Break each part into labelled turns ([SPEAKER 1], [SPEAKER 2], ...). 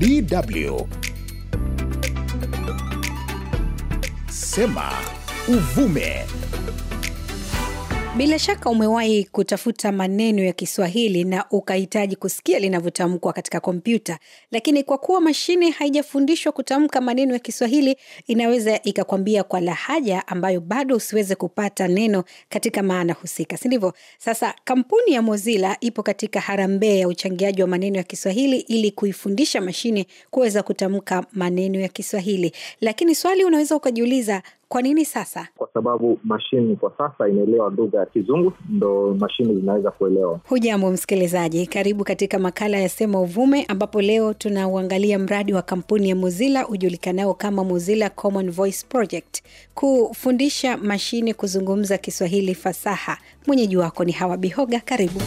[SPEAKER 1] DW Sema Uvume.
[SPEAKER 2] Bila shaka umewahi kutafuta maneno ya Kiswahili na ukahitaji kusikia linavyotamkwa katika kompyuta, lakini kwa kuwa mashine haijafundishwa kutamka maneno ya Kiswahili, inaweza ikakwambia kwa lahaja ambayo bado usiweze kupata neno katika maana husika, si ndivyo? Sasa kampuni ya Mozilla ipo katika harambee ya uchangiaji wa maneno ya Kiswahili ili kuifundisha mashine kuweza kutamka maneno ya Kiswahili. Lakini swali unaweza ukajiuliza, kwa nini sasa?
[SPEAKER 1] Kwa sababu mashini kwa sasa inaelewa lugha ya Kizungu, ndo mashini zinaweza kuelewa.
[SPEAKER 2] Hujambo msikilizaji, karibu katika makala ya Sema Uvume, ambapo leo tunauangalia mradi wa kampuni ya Mozilla ujulikanao kama Mozilla Common Voice Project kufundisha mashine kuzungumza Kiswahili fasaha. Mwenyeji wako ni Hawa Bihoga, karibu.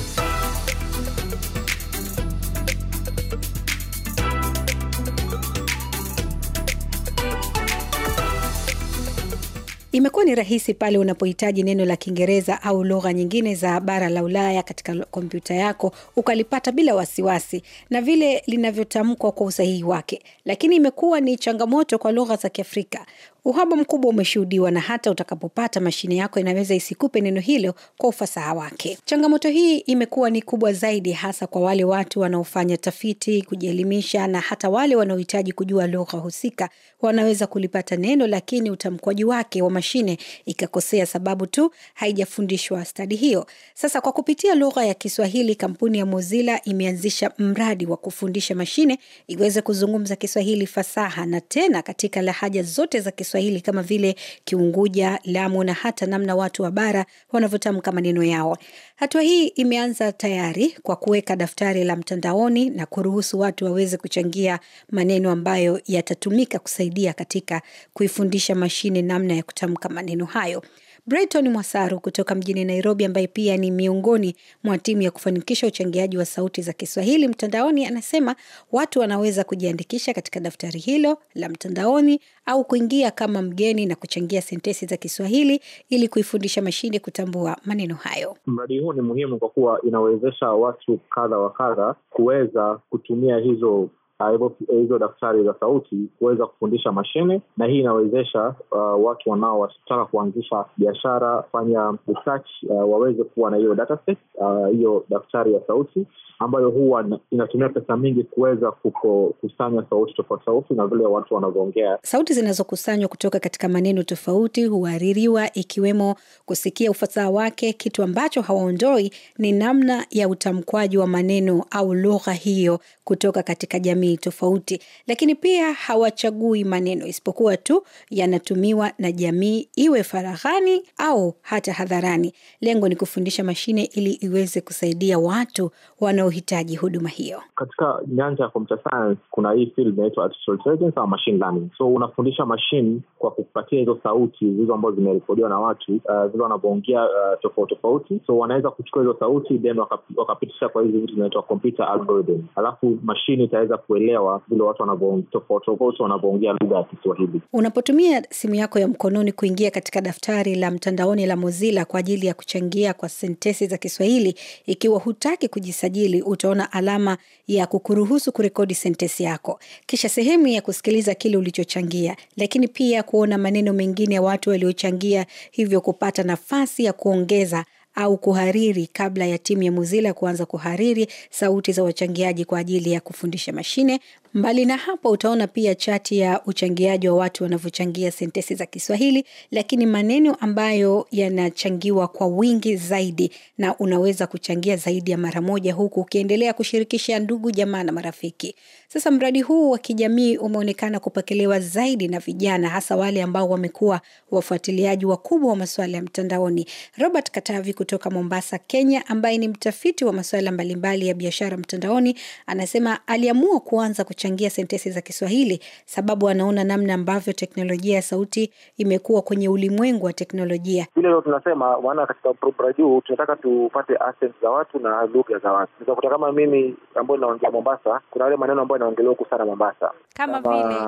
[SPEAKER 2] Imekuwa ni rahisi pale unapohitaji neno la Kiingereza au lugha nyingine za bara la Ulaya katika kompyuta yako ukalipata bila wasiwasi na vile linavyotamkwa kwa usahihi wake, lakini imekuwa ni changamoto kwa lugha za Kiafrika. Uhaba mkubwa umeshuhudiwa na hata utakapopata mashine yako inaweza isikupe neno hilo kwa ufasaha wake. Changamoto hii imekuwa ni kubwa zaidi, hasa kwa wale watu wanaofanya tafiti, kujielimisha na hata wale wanaohitaji kujua lugha husika. Wanaweza kulipata neno, lakini utamkwaji wake wa mashine ikakosea sababu tu haijafundishwa stadi hiyo. Sasa kwa kupitia lugha ya Kiswahili, kampuni ya Mozilla imeanzisha mradi wa kufundisha mashine iweze kuzungumza Kiswahili fasaha na tena katika lahaja zote za Kiswahili Kiswahili kama vile Kiunguja, Lamu na hata namna watu wa bara wanavyotamka maneno yao. Hatua hii imeanza tayari kwa kuweka daftari la mtandaoni na kuruhusu watu waweze kuchangia maneno ambayo yatatumika kusaidia katika kuifundisha mashine namna ya kutamka maneno hayo. Brayton Mwasaru kutoka mjini Nairobi, ambaye pia ni miongoni mwa timu ya kufanikisha uchangiaji wa sauti za Kiswahili mtandaoni, anasema watu wanaweza kujiandikisha katika daftari hilo la mtandaoni au kuingia kama mgeni na kuchangia sentesi za Kiswahili ili kuifundisha mashine kutambua maneno hayo.
[SPEAKER 1] Mradi huu ni muhimu kwa kuwa inawezesha watu kadha wa kadha kuweza kutumia hizo Eh, hizo daftari za sauti kuweza kufundisha mashine, na hii inawezesha uh, watu wanaotaka kuanzisha biashara, fanya research uh, waweze kuwa na hiyo dataset uh, hiyo uh, daftari ya sauti ambayo huwa inatumia pesa mingi kuweza kukusanya sauti tofauti tofauti na vile watu wanavyoongea. Sauti
[SPEAKER 2] zinazokusanywa kutoka katika maneno tofauti huaririwa ikiwemo kusikia ufasaha wake. Kitu ambacho hawaondoi ni namna ya utamkwaji wa maneno au lugha hiyo kutoka katika jamii tofauti, lakini pia hawachagui maneno, isipokuwa tu yanatumiwa na jamii, iwe faraghani au hata hadharani. Lengo ni kufundisha mashine ili iweze kusaidia watu wanaohitaji huduma hiyo.
[SPEAKER 1] Katika nyanja ya computer science kuna hii field inaitwa intelligence au machine learning. So unafundisha mashine kwa kupatia hizo sauti hizo ambazo zimerekodiwa na watu, uh, zile wanavyoongea uh, eh, tofauti tofauti, so wanaweza kuchukua hizo sauti then wakapitisha kwa hizi vitu zinaitwa computer algorithm, alafu mashine itaweza ku kuelewa vile watu tofauti tofauti wanavyoongea lugha ya Kiswahili.
[SPEAKER 2] Unapotumia simu yako ya mkononi kuingia katika daftari la mtandaoni la Mozilla kwa ajili ya kuchangia kwa sentesi za Kiswahili, ikiwa hutaki kujisajili, utaona alama ya kukuruhusu kurekodi sentesi yako, kisha sehemu ya kusikiliza kile ulichochangia, lakini pia kuona maneno mengine ya watu waliochangia, hivyo kupata nafasi ya kuongeza au kuhariri kabla ya timu ya Mozilla kuanza kuhariri sauti za wachangiaji kwa ajili ya kufundisha mashine. Mbali na hapo, utaona pia chati ya uchangiaji wa watu wanavyochangia sentesi za Kiswahili, lakini maneno ambayo yanachangiwa kwa wingi zaidi, na unaweza kuchangia zaidi ya mara moja, huku ukiendelea kushirikisha ndugu, jamaa na marafiki. Sasa mradi huu wa kijamii umeonekana kupokelewa zaidi na vijana, hasa wale ambao wamekuwa wafuatiliaji wakubwa wa masuala ya mtandaoni. Robert Katavi kutoka Mombasa, Kenya, ambaye ni mtafiti wa masuala mbalimbali ya biashara mtandaoni, anasema aliamua kuanza kuchangia sentensi za Kiswahili sababu anaona namna ambavyo teknolojia ya sauti imekuwa kwenye ulimwengu wa teknolojia.
[SPEAKER 1] Vile leo tunasema, maana katika propra juu tunataka tupate accent za watu na lugha za watu. Utakuta kama mimi ambayo inaongea Mombasa, kuna yale maneno ambayo inaongelewa huku sana Mombasa,
[SPEAKER 2] kama vile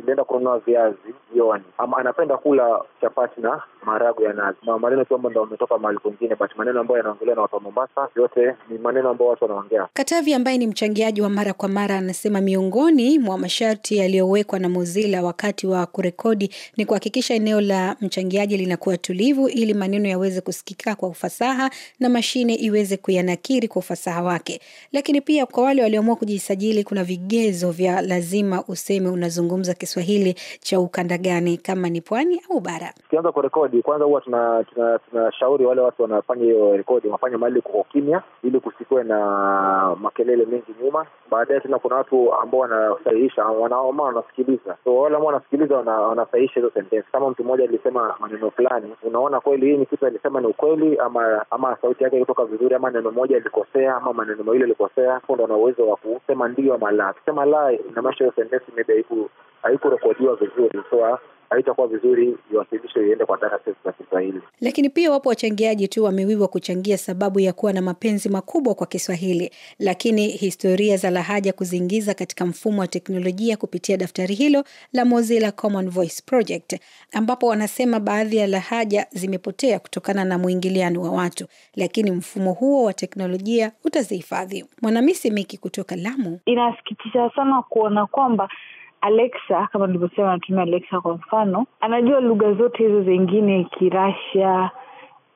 [SPEAKER 1] nilienda kununua viazi jioni, ama anapenda kula chapati na maharagwe ya nazi, maneno tu ambayo ndio ametoka mahali kwingine but maneno ambayo yanaongelewa na watu wa Mombasa yote ni maneno ambayo watu wanaongea.
[SPEAKER 2] Katavi ambaye ni mchangiaji wa mara kwa mara anasema miongoni mwa masharti yaliyowekwa na Mozilla wakati wa kurekodi ni kuhakikisha eneo la mchangiaji linakuwa tulivu ili maneno yaweze kusikika kwa ufasaha na mashine iweze kuyanakiri kwa ufasaha wake. Lakini pia kwa wale walioamua kujisajili, kuna vigezo vya lazima useme unazungumza Kiswahili cha ukanda gani, kama ni pwani au bara.
[SPEAKER 1] Tukianza kurekodi, kwanza huwa tunashauri tuna, tuna wale watu wanafanya wafanye hiyo rekodi, wafanye mahali kwa kimya ili kusikuwe na makelele mengi nyuma. Baadaye tena kuna watu ambao wanasahihisha, wanaoma, wanasikiliza. So wale ambao wanasikiliza wanasahihisha hizo sentensi. Kama mtu mmoja alisema maneno fulani, unaona kweli hii ni kitu alisema ni ukweli ama ama sauti yake kutoka vizuri, ama neno moja alikosea, ama maneno mawili alikosea. Ndo ana uwezo wa kusema ndio ama la. Akisema la, inamaanisha hiyo sentensi imejaribu haikurekodiwa vizuri so ah, haitakuwa vizuri iwasilisho iende kwa dataseti za Kiswahili. Lakini
[SPEAKER 2] pia wapo wachangiaji tu wamewiwa kuchangia sababu ya kuwa na mapenzi makubwa kwa Kiswahili, lakini historia za lahaja kuziingiza katika mfumo wa teknolojia kupitia daftari hilo la Mozilla Common Voice Project, ambapo wanasema baadhi ya lahaja zimepotea kutokana na mwingiliano wa watu, lakini mfumo huo wa teknolojia utazihifadhi.
[SPEAKER 1] Mwanamisi Miki kutoka Lamu: inasikitisha sana kuona kwamba Alexa kama nilivyosema, anatumia Alexa kwa mfano, anajua lugha zote hizo zingine, Kirasia,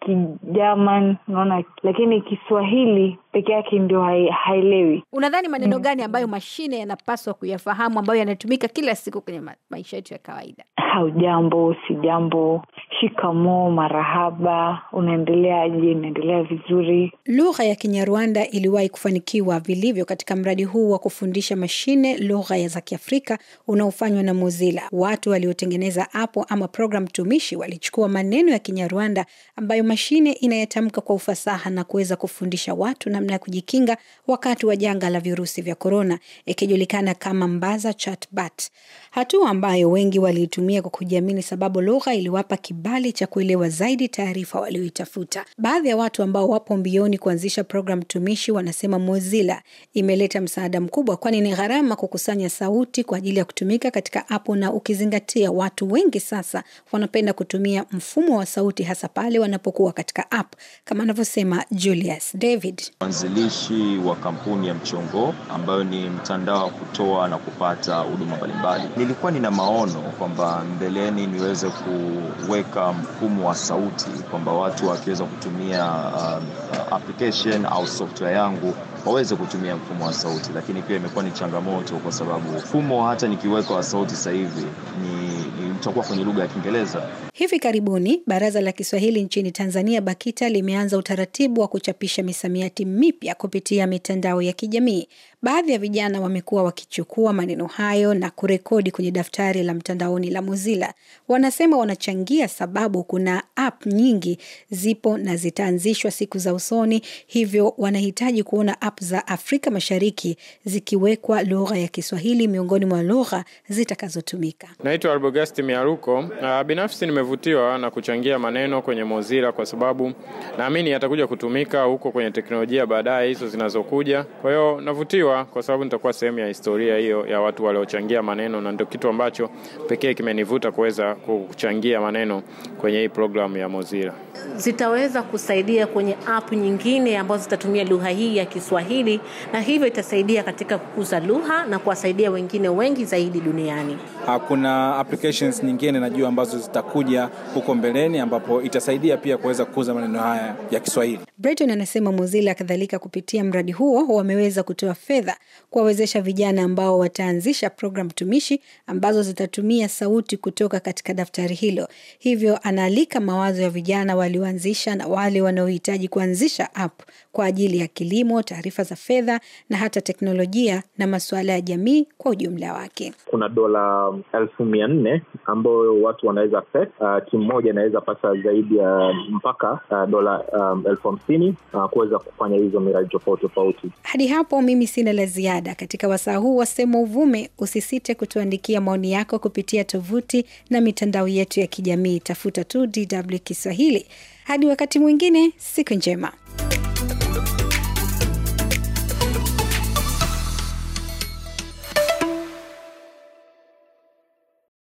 [SPEAKER 1] Kijerman unaona, lakini Kiswahili peke yake ndio haelewi.
[SPEAKER 2] Unadhani maneno mm, gani ambayo mashine yanapaswa kuyafahamu ambayo yanatumika kila siku kwenye ma maisha yetu ya kawaida?
[SPEAKER 1] Hujambo, si jambo, shikamoo, marahaba,
[SPEAKER 2] unaendeleaje? Inaendelea vizuri. Lugha ya Kinyarwanda iliwahi kufanikiwa vilivyo katika mradi huu wa kufundisha mashine lugha za Kiafrika unaofanywa na mozila Watu waliotengeneza apo ama program tumishi walichukua maneno ya Kinyarwanda ambayo mashine inayotamka kwa ufasaha na kuweza kufundisha watu namna ya kujikinga wakati wa janga la virusi vya korona, ikijulikana kama Mbaza Chatbot hatua ambayo wengi waliitumia kwa kujiamini, sababu lugha iliwapa kibali cha kuelewa zaidi taarifa walioitafuta. Baadhi ya watu ambao wapo mbioni kuanzisha programu tumishi wanasema Mozilla imeleta msaada mkubwa, kwani ni gharama kukusanya sauti kwa ajili ya kutumika katika app, na ukizingatia watu wengi sasa wanapenda kutumia mfumo wa sauti, hasa pale wanapokuwa katika app, kama anavyosema Julius David,
[SPEAKER 1] mwanzilishi wa kampuni ya Mchongo ambayo ni mtandao wa kutoa na kupata huduma mbalimbali nilikuwa nina maono kwamba mbeleni niweze kuweka mfumo wa sauti kwamba watu wakiweza kutumia uh, application au software yangu waweze kutumia mfumo wa sauti, lakini pia imekuwa ni changamoto kwa sababu mfumo hata nikiweka wa sauti sasa hivi ni, ni kwenye lugha ya Kiingereza
[SPEAKER 2] Hivi karibuni Baraza la Kiswahili nchini Tanzania, BAKITA, limeanza utaratibu wa kuchapisha misamiati mipya kupitia mitandao ya kijamii. Baadhi ya vijana wamekuwa wakichukua maneno hayo na kurekodi kwenye daftari la mtandaoni la Mozilla. Wanasema wanachangia sababu kuna app nyingi zipo na zitaanzishwa siku za usoni, hivyo wanahitaji kuona app za Afrika Mashariki zikiwekwa lugha ya Kiswahili miongoni mwa lugha zitakazotumika.
[SPEAKER 1] Naitwa Arbogasti Miaruko. Uh, binafsi nime nimevutiwa na kuchangia maneno kwenye Mozilla kwa sababu naamini yatakuja kutumika huko kwenye teknolojia baadaye hizo zinazokuja. Kwa hiyo navutiwa kwa sababu nitakuwa sehemu ya historia hiyo ya watu waliochangia maneno, na ndio kitu ambacho pekee kimenivuta kuweza kuchangia maneno kwenye hii programu ya Mozilla.
[SPEAKER 2] Zitaweza kusaidia kwenye app nyingine ambazo zitatumia lugha hii ya Kiswahili, na hivyo itasaidia katika kukuza lugha na kuwasaidia wengine wengi zaidi duniani.
[SPEAKER 1] Hakuna applications nyingine najua ambazo zitakuja pia huko mbeleni, ambapo itasaidia pia kuweza kukuza maneno haya ya Kiswahili.
[SPEAKER 2] Brighton anasema Mozilla kadhalika kupitia mradi huo wameweza kutoa fedha kuwawezesha vijana ambao wataanzisha programu tumishi ambazo zitatumia sauti kutoka katika daftari hilo. Hivyo anaalika mawazo ya vijana walioanzisha na wale wanaohitaji kuanzisha app kwa ajili ya kilimo, taarifa za fedha na hata teknolojia na masuala ya jamii kwa ujumla wake.
[SPEAKER 1] Kuna dola elfu mia nne ambayo watu wanaweza set, uh, uh, timu moja inaweza pata zaidi ya mpaka uh, dola um, elfu hamsini uh, kuweza kufanya hizo miradi tofauti tofauti.
[SPEAKER 2] Hadi hapo mimi sina la ziada katika wasaa huu wasemo Uvume. Usisite kutuandikia maoni yako kupitia tovuti na mitandao yetu ya kijamii, tafuta tu DW Kiswahili. Hadi wakati mwingine, siku njema.